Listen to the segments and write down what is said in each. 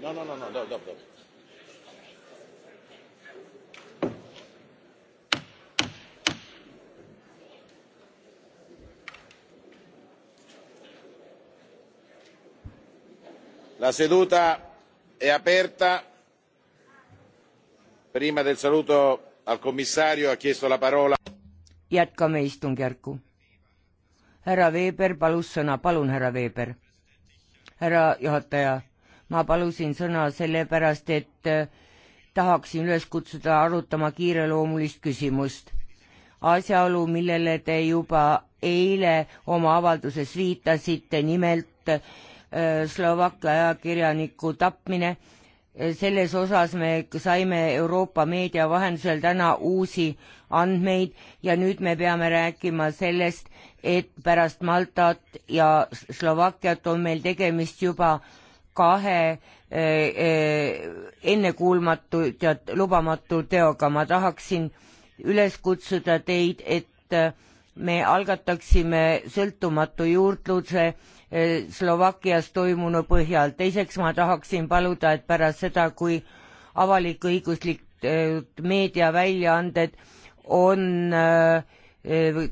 No, no, no, no, dobra, dobra. La seduta è aperta. Prima del saluto al commissario ha chiesto la parola. Jätkame istungjärku. Härra Weber palus sõna, palun härra Weber härra juhataja. ma palusin sõna sellepärast, et äh, tahaksin üles kutsuda arutama kiireloomulist küsimust. asjaolu, millele te juba eile oma avalduses viitasite, nimelt äh, Slovakkia ajakirjaniku tapmine selles osas me saime Euroopa meedia vahendusel täna uusi andmeid ja nüüd me peame rääkima sellest, et pärast Maltat ja Slovakkiat on meil tegemist juba kahe eh, eh, ennekuulmatu ja lubamatu teoga. ma tahaksin üles kutsuda teid, et eh, me algataksime sõltumatu juurdluse eh, Slovakkias toimunu põhjal. teiseks ma tahaksin paluda, et pärast seda, kui avalik-õiguslik eh, meediaväljaanded on eh,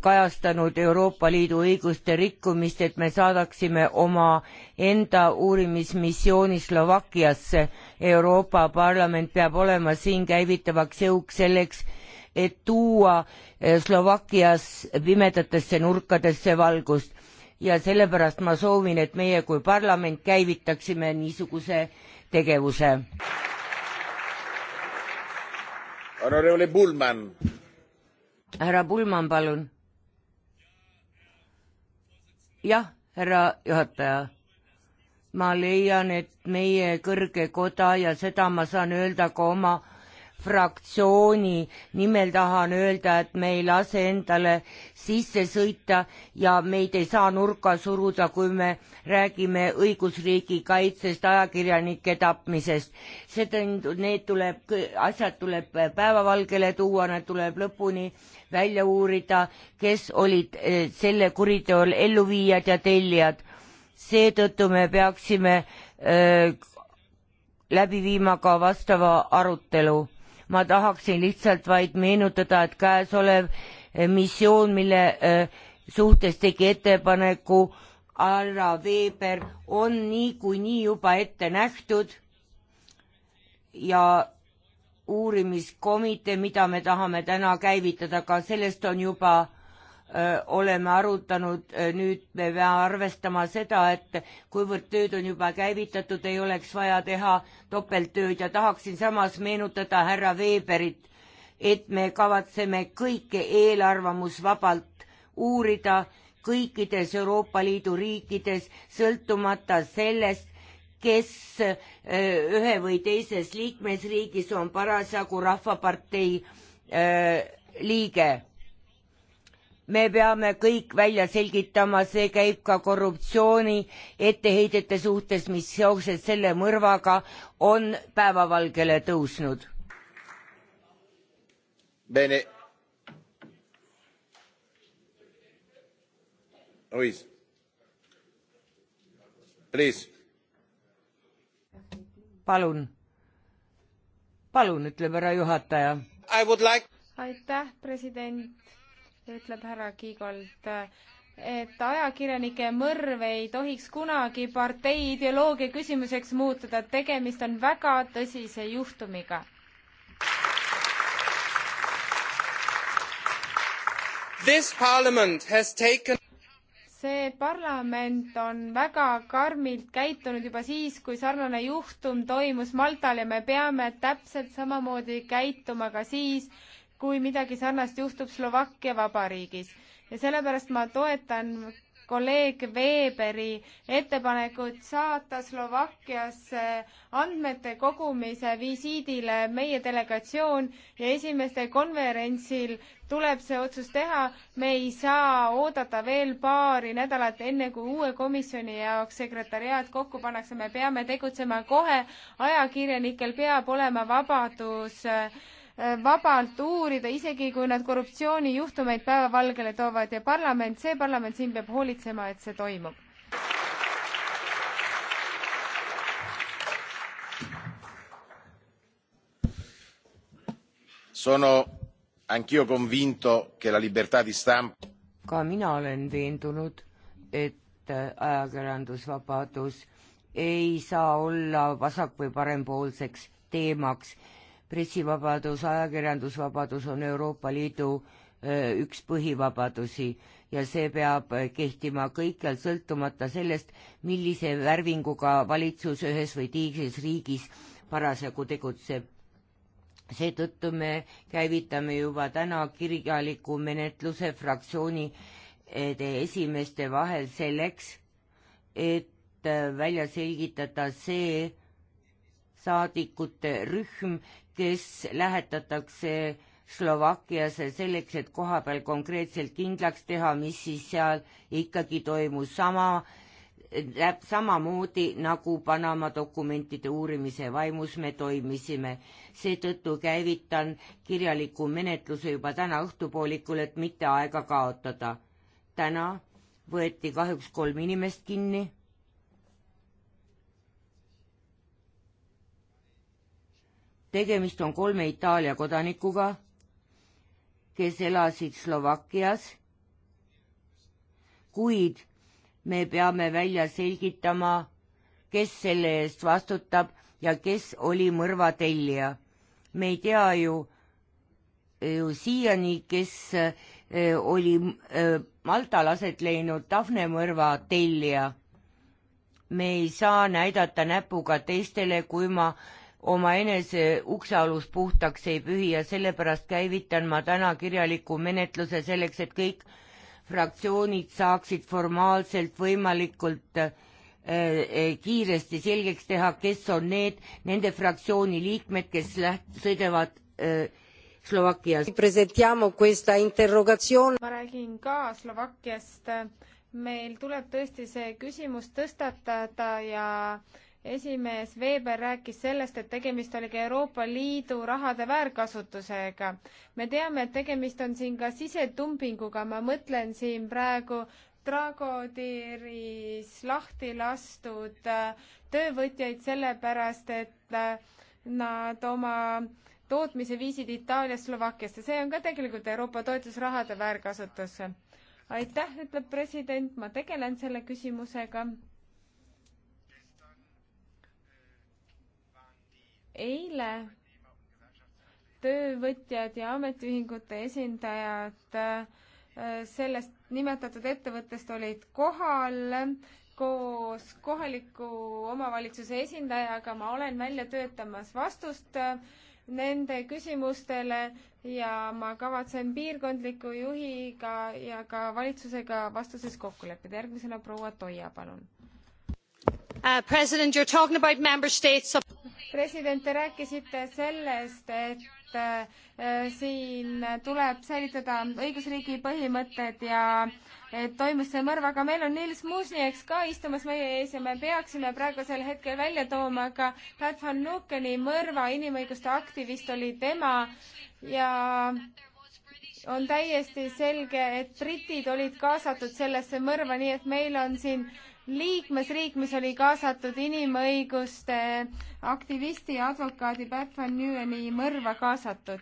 kajastanud Euroopa Liidu õiguste rikkumist, et me saadaksime oma enda uurimismissiooni Slovakkiasse. Euroopa Parlament peab olema siin käivitavaks jõuks selleks, et tuua eh, Slovakkias pimedatesse nurkadesse valgust ja sellepärast ma soovin, et meie kui parlament käivitaksime niisuguse tegevuse. härra Pullmann, palun. jah, härra juhataja ma leian, et meie kõrge koda ja seda ma saan öelda ka oma fraktsiooni nimel tahan öelda, et me ei lase endale sisse sõita ja meid ei saa nurka suruda, kui me räägime õigusriigi kaitsest, ajakirjanike tapmisest. seetõttu need tuleb, asjad tuleb päevavalgele tuua, nad tuleb lõpuni välja uurida, kes olid eh, selle kuriteol elluviijad ja tellijad. seetõttu me peaksime öö, eh, läbi viima ka vastava arutelu ma tahaksin lihtsalt vaid meenutada, et käesolev eh, missioon, mille eh, suhtes tegi ettepaneku härra Weber, on niikuinii juba ette nähtud ja uurimiskomitee, mida me tahame täna käivitada, ka sellest on juba oleme arutanud, nüüd me peame arvestama seda, et kuivõrd tööd on juba käivitatud, ei oleks vaja teha topelttööd ja tahaksin samas meenutada härra Veberit, et me kavatseme kõike eelarvamusvabalt uurida kõikides Euroopa Liidu riikides, sõltumata sellest, kes ühe või teises liikmesriigis on parasjagu Rahvapartei liige me peame kõik välja selgitama, see käib ka korruptsiooni etteheidete suhtes, mis seoses selle mõrvaga on päevavalgele tõusnud. Bene. Luis. Please. palun, palun, ütleb härra juhataja. Like... aitäh, president ütleb härra Kiigold, et ajakirjanike mõrv ei tohiks kunagi partei ideoloogia küsimuseks muutuda, tegemist on väga tõsise juhtumiga Taken... see parlament on väga karmilt käitunud juba siis, kui sarnane juhtum toimus Maltal ja me peame täpselt samamoodi käituma ka siis, kui midagi sarnast juhtub Slovakkia Vabariigis. ja sellepärast ma toetan kolleeg Weberi ettepanekut saata Slovakkiasse andmete kogumise visiidile meie delegatsioon ja esimestel konverentsil tuleb see otsus teha. me ei saa oodata veel paari nädalat, enne kui uue komisjoni jaoks sekretäriaat kokku pannakse, me peame tegutsema kohe. ajakirjanikel peab olema vabadus äh, Äh, vabalt uurida, isegi kui nad korruptsioonijuhtumeid päevavalgele toovad ja parlament, see parlament siin peab hoolitsema, et see toimub. Sono anch'io convinto che la libertà di stampa ka mina olen veendunud, et äh, ajakirjandusvabadus ei saa olla vasak- või parempoolseks teemaks pressivabadus, ajakirjandusvabadus on Euroopa Liidu üks põhivabadusi ja see peab kehtima kõikjal, sõltumata sellest, millise värvinguga valitsus ühes või teises riigis parasjagu tegutseb. seetõttu me käivitame juba täna kirjaliku menetluse fraktsioonide e, esimeeste vahel selleks, et äh, välja selgitada see, saadikute rühm, kes lähetatakse Slovakkiasse selleks, et kohapeal konkreetselt kindlaks teha, mis siis seal ikkagi toimus, sama läheb samamoodi nagu Panama dokumentide uurimise vaimus me toimisime. seetõttu käivitan kirjaliku menetluse juba täna õhtupoolikul, et mitte aega kaotada. täna võeti kahjuks kolm inimest kinni tegemist on kolme Itaalia kodanikuga, kes elasid Slovakkias, kuid me peame välja selgitama, kes selle eest vastutab ja kes oli mõrva tellija. me ei tea ju, ju siiani, kes eh, oli eh, Maltal aset leidnud Tafne mõrva tellija. me ei saa näidata näpuga teistele, kui ma omaenese uksealus puhtaks ei pühi ja sellepärast käivitan ma täna kirjaliku menetluse selleks, et kõik fraktsioonid saaksid formaalselt võimalikult äh, äh, kiiresti selgeks teha, kes on need, nende fraktsiooni liikmed, kes läht-, sõidavad äh, Slovakkias. ma räägin ka Slovakkiast. meil tuleb tõesti see küsimus tõstatada ja äh, esimees Weber rääkis sellest, et tegemist oli ka Euroopa Liidu rahade väärkasutusega. me teame, et tegemist on siin ka sisetumpinguga, ma mõtlen siin praegu Dragodiris lahti lastud äh, töövõtjaid sellepärast, et äh, nad oma tootmise viisid Itaaliast Slovakkiasse, see on ka tegelikult Euroopa toetusrahade väärkasutus. aitäh, ütleb president, ma tegelen selle küsimusega eile töövõtjad ja ametiühingute esindajad äh, sellest nimetatud ettevõttest olid kohal koos kohaliku omavalitsuse esindajaga ma olen välja töötamas vastust äh, nende küsimustele ja ma kavatsen piirkondliku juhiga ja ka valitsusega vastuses kokku leppida. järgmisena proua Toia, palun. Uh, president, you are talking about member states of president, te rääkisite sellest, et äh, siin tuleb säilitada õigusriigi põhimõtted ja et toimus see mõrv, aga meil on Nils Muusnieks ka istumas meie ees ja me peaksime praegusel hetkel välja tooma ka Pat Van Nukeni mõrva, inimõiguste aktivist oli tema ja on täiesti selge, et britid olid kaasatud sellesse mõrva, nii et meil on siin liikmesriik, mis oli kaasatud inimõiguste aktivisti ja advokaadi Bert van Nieuweni mõrva kaasatud.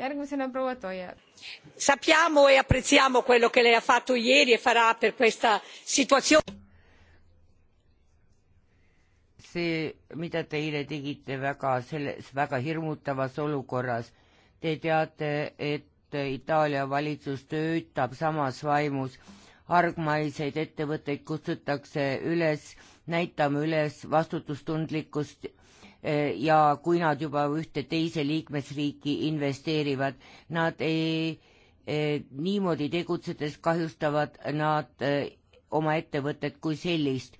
järgmisena proua Toier. Sappiamo e apprezziamo quello che lei ha fatto ieri e farà per questa situazione. see, mida te eile tegite väga selles, väga hirmutavas olukorras, te teate, et Itaalia valitsus töötab samas vaimus hargmaiseid ettevõtteid kutsutakse üles, näitame üles vastutustundlikkust eh, ja kui nad juba ühte teise liikmesriiki investeerivad, nad ei, eh, niimoodi tegutsedes kahjustavad nad eh, oma ettevõtet kui sellist.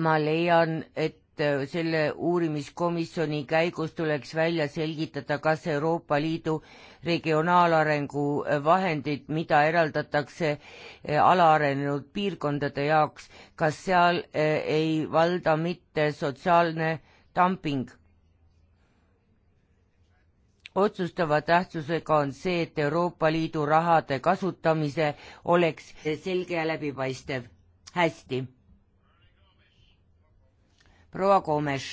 ma leian, et Äh, selle uurimiskomisjoni käigus tuleks välja selgitada, kas Euroopa Liidu regionaalarengu äh, vahendid, mida eraldatakse äh, alaarenenud piirkondade jaoks, kas seal ei valda mitte sotsiaalne dumping? otsustava tähtsusega on see, et Euroopa Liidu rahade kasutamise oleks selge ja läbipaistev. hästi proua Komes.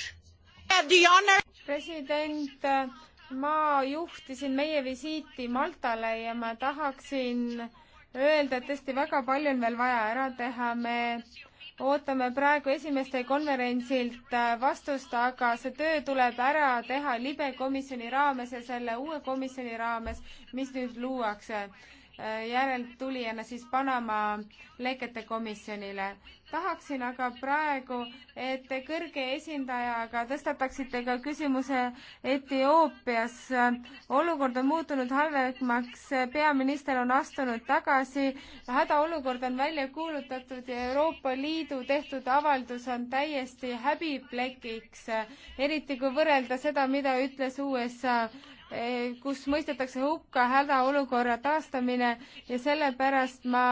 president, ma juhtisin meie visiiti Maltale ja ma tahaksin öelda, et tõesti väga palju on veel vaja ära teha, me ootame praegu esimeste konverentsilt vastust, aga see töö tuleb ära teha libe komisjoni raames ja selle uue komisjoni raames, mis nüüd luuakse järeltulijana siis Panama lekete komisjonile. tahaksin aga praegu, et te kõrge esindajaga tõstataksite ka küsimuse Etioopias. olukord on muutunud halvemaks, peaminister on astunud tagasi, hädaolukord on välja kuulutatud ja Euroopa Liidu tehtud avaldus on täiesti häbiplekiks, eriti kui võrrelda seda, mida ütles USA Eh, kus mõistetakse hukka hädaolukorra taastamine ja sellepärast ma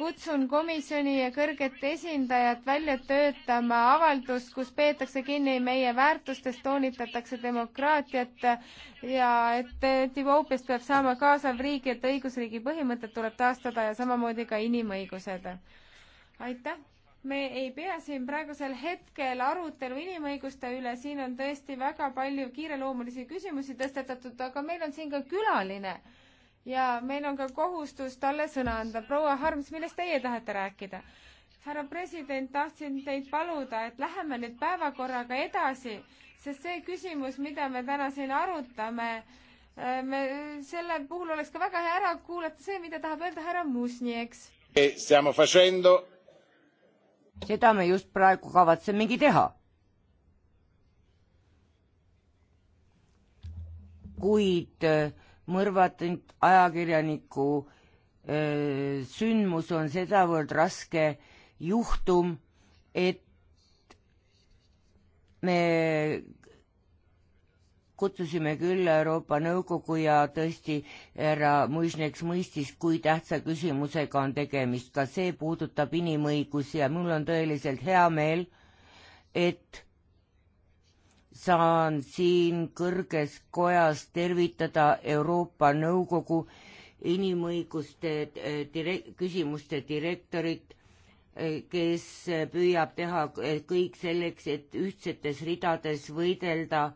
kutsun komisjoni ja kõrget esindajat välja töötama avaldust, kus peetakse kinni meie väärtustest, toonitatakse demokraatiat ja et Etioopiast peab saama kaasav riik, et õigusriigi põhimõtted tuleb taastada ja samamoodi ka inimõigused. aitäh! me ei pea siin praegusel hetkel arutelu inimõiguste üle, siin on tõesti väga palju kiireloomulisi küsimusi tõstetatud, aga meil on siin ka külaline ja meil on ka kohustus talle sõna anda. proua Harms, millest teie tahate rääkida? härra president, tahtsin teid paluda, et läheme nüüd päevakorraga edasi, sest see küsimus, mida me täna siin arutame, äh, me, selle puhul oleks ka väga hea ära kuulata see, mida tahab öelda härra Musni, eks? stiamo facendo seda me just praegu kavatsemegi teha. kuid äh, mõrvatud ajakirjaniku öö, äh, sündmus on sedavõrd raske juhtum, et me kutsusime küll Euroopa Nõukogu ja tõesti härra Muisneks mõistis, kui tähtsa küsimusega on tegemist, ka see puudutab inimõigusi ja mul on tõeliselt hea meel, et saan siin kõrges kojas tervitada Euroopa Nõukogu inimõiguste eh, direk-, küsimuste direktorit, eh, kes püüab teha eh, kõik selleks, et ühtsetes ridades võidelda